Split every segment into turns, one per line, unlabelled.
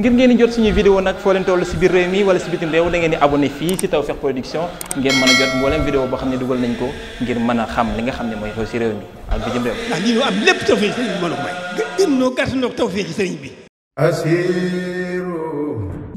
ngir ngeen di jot suñu vidéo nag foo leen toll si biir réew mi wala si bitim réew da ngeen di abonné fii si Tawfekh Production ngeen mën a jot mboolem boo xam ne dugal nañ ko
ngir mën a xam li nga xam ne mooy xew si réew mi ak bitim réew. ndax lii ñu am lépp Tawfekh sëriñ bi mën a may. gën noo gàtt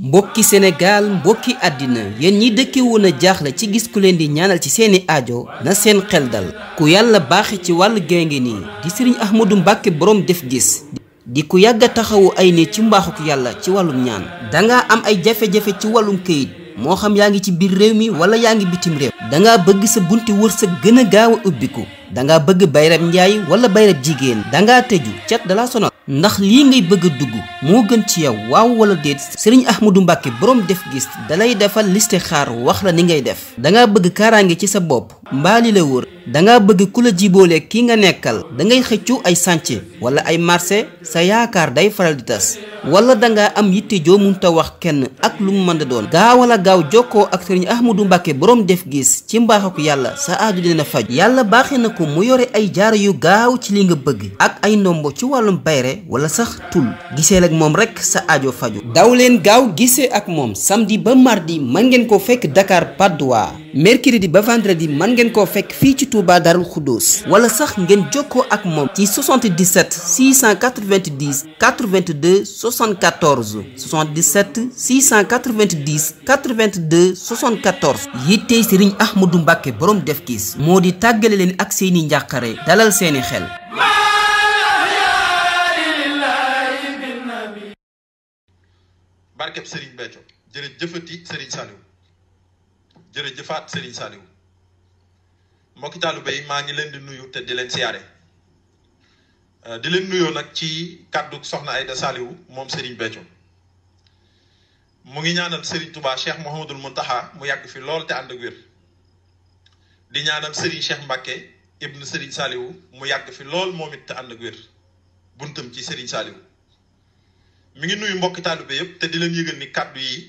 mbokki Sénégal mbokki àddina yéen ñi dëkkee woon a jaaxle ci gis ku leen di ñaanal ci seeni aajo na seen xel dal ku yàlla baaxi ci wàllu genge nii di sëriñ Ahmadou Mbacke boroom def gis di ku yàgg a taxawu ay ne ci mbaaxuk yàlla ci wàllum ñaan dangaa am ay jafe-jafe ci wàllum këyit moo xam yaa ngi ci biir réew mi wala yaa ngi bitim réew dangaa bëgg sa bunti sa gën a gaaw a ubbiku dangaa bëgg bayrab njaay wala bayrab jigéen dangaa tëju cat dala sonal ndax lii ngay bëgg a dugg moo gën ci yow waaw wala déet sëriñ Ahmadou Mbacke borom def gis dalay defal liste listixaar wax la ni ngay def dangaa bëgg kaaraange ci sa bopp mbaali la wër dangaa bëgg ku la jiboole ki nga nekkal dangay xëccu ay sànce wala ay marché sa yaakaar day faral di tas wala dangaa am yitte joo munta wax kenn ak lu mu mën a doon gaawal a gaaw jokkoo ak sëriñ Ahmadou Mbacke borom def gis ci mbaaxuk yàlla sa aaju dina faj yàlla baaxee na ko mu yore ay jaaro yu gaaw ci li nga bëgg ak ay ndombo ci wàllum bayre wala sax tul gisee ak moom rek sa aajo faju daw leen gaaw gisee ak moom samedi ba mardi mën ngeen ko fekk dakaar Patte mercredi ba vendredi mën ngeen koo fekk fii ci Touba Darou Khoudoss wala sax ngeen jokkoo ak moom ci 77 690 82 74 77 690 82 74 yittey Serigne Ahmadou Mbacke borom def kiis moo di tàggale leen ak seeni njàqare dalal seeni xel.
jërëjëfaat Serigne saaliw mbokki taalibe maa ngi leen di nuyu te di leen siyaare euh, di leen nuyoo nag ci kàddu soxna Aida Saliou moom Serigne Béthio mu ngi ñaanal Serigne Touba Cheikh mu taxa mu yàgg fi lool te ànd ak wér di ñaanal Serigne Cheikh Mbacke ibnu Serigne Saliou mu yàgg fi lool moom it te ànd ak wér buntam ci sëriñ Saliou mu ngi nuyu mbokki taalibe yëpp te di leen yëgal ni kàddu yi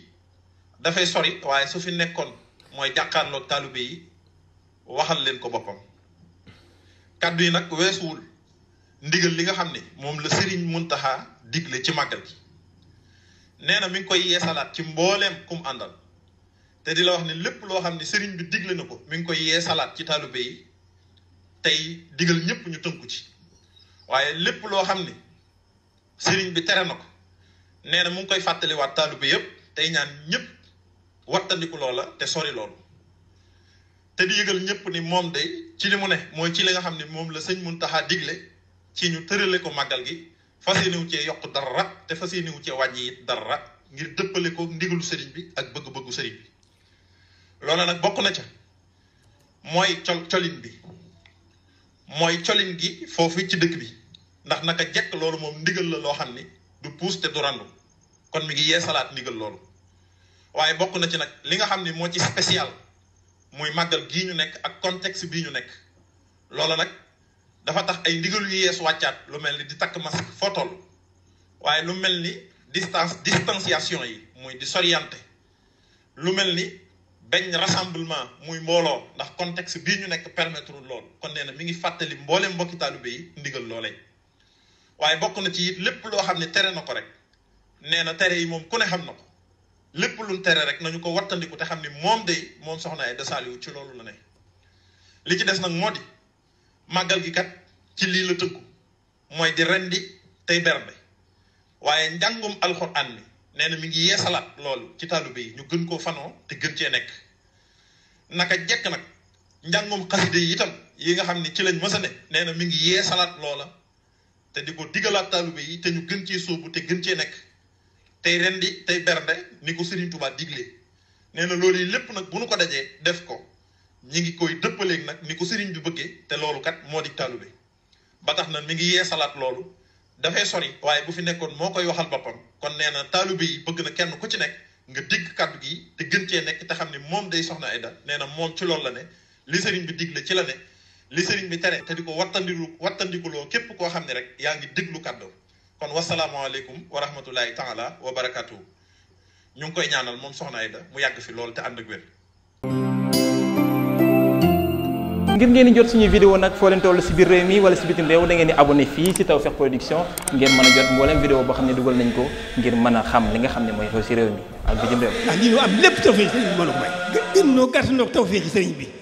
dafay sori waaye su fi nekkoon. mooy jàkkaarloog taalibe yi waxal leen ko boppam kàddu yi nag weesuwul ndigal li nga xam ne moom la Serigne Mountakha digle ci màggal gi nee na mi ngi koy yeesalaat ci mbooleem kum àndal te di la wax lépp loo xam ne Serigne bi digle na ko mi ngi koy yeesalaat ci taalibe yi tey digal ñëpp ñu tënku ci waaye lépp loo xam ne Serigne bi tere na ko nee na mu ngi koy fàttaliwaat taalibe yëpp tey ñaan ñëpp. wattandiku loola te sori loolu te di yëgal ñëpp ni moom de ci li mu ne mooy ci li nga xam ne moom la sëñ mun Muntaxa digle ci ñu tërale ko màggal gi fas yéene wu cee yokk dara te fas yéene wu cee wàññi it dara ngir dëppale ko ndigalu sëriñ bi ak bëgg-bëggu sëriñ bi loola nag bokk na ca mooy col colin bi mooy colin gi foofu ci dëkk bi ndax naka jekk loolu moom ndigal la loo xam ni du puus te du randu kon mi ngi yeesalaat ndigal loolu waaye bokk na ci nag li nga xam ni moo ci spécial muy màggal gii ñu nekk ak contexte bii ñu nekk loola nag dafa tax ay ndigal yu yees wàccaat lu mel ni di takk masque foo waaye lu mel ni distance distanciation yi muy di soriante lu mel ni benn rassemblement muy mbooloo ndax contexte bii ñu nekk permettre lool kon nee na mi ngi fàttali mbooleem mbokki taalibe yi ndigal loolee waaye bokk na ci it lépp loo xam ne tere na ko rek nee na tere yi moom ku ne xam na ko lépp lu tere rek nañu ko wattandiku te xam ni moom day moom soxna Aida Saliou ci loolu la ne li ci des nag moo di màggal gi kat ci lii la tëggu mooy di rendi tey bernde waaye njàngum alxuraan mi nee na mi ngi yeesalaat loolu ci taalibe yi ñu gën koo fanoo te gën cee nekk naka jekk nag njàngum xaside yi yi nga xam ni ci lañ mës ne nee na mi ngi yeesalaat loola te di ko digalaat taalibe yi te ñu gën ci sóobu te gën cee nekk tey rendi tey bernde ni ko Serigne Touba digle nee na loolu yi lépp nag bu nu ko dajee def ko ñi ngi koy dëppaleeg nag ni ko Serigne bi bëggee te loolu kat moo di taalube ba tax na mu ngi yeesalaat loolu dafay sori waaye bu fi nekkoon moo koy waxal boppam kon nee na taalube yi bëgg na kenn ku ci nekk nga digg kàddu gi te gën cee nekk te xam ne moom day soxna Aida nee na moom ci loolu la ne li sëriñ bi digle ci la ne li sëriñ bi tere te di ko wattandiku wattandikuloo képp koo xam ne rek yaa ngi déglu kàddoom kon wasalaamaaleykum wa rahmatulahi taala wa barakaatu ñu ngi koy ñaanal moom soxna Aida mu yàgg fi loolu te ànd ak wér. ngir ngeen di jot suñu vidéo nag foo leen toll si biir réew mi wala si bitim réew da ngeen di abonné fii si Tawfekh Production ngeen mën a
jot mboolem vidéo boo xam ne dugal nañ ko ngir mën a xam li nga xam ne mooy xew si réew mi ak bitim réew. ndax ah, lii ñu am lépp tawfeex ci sëriñ bi a may. gën ci sëriñ bi.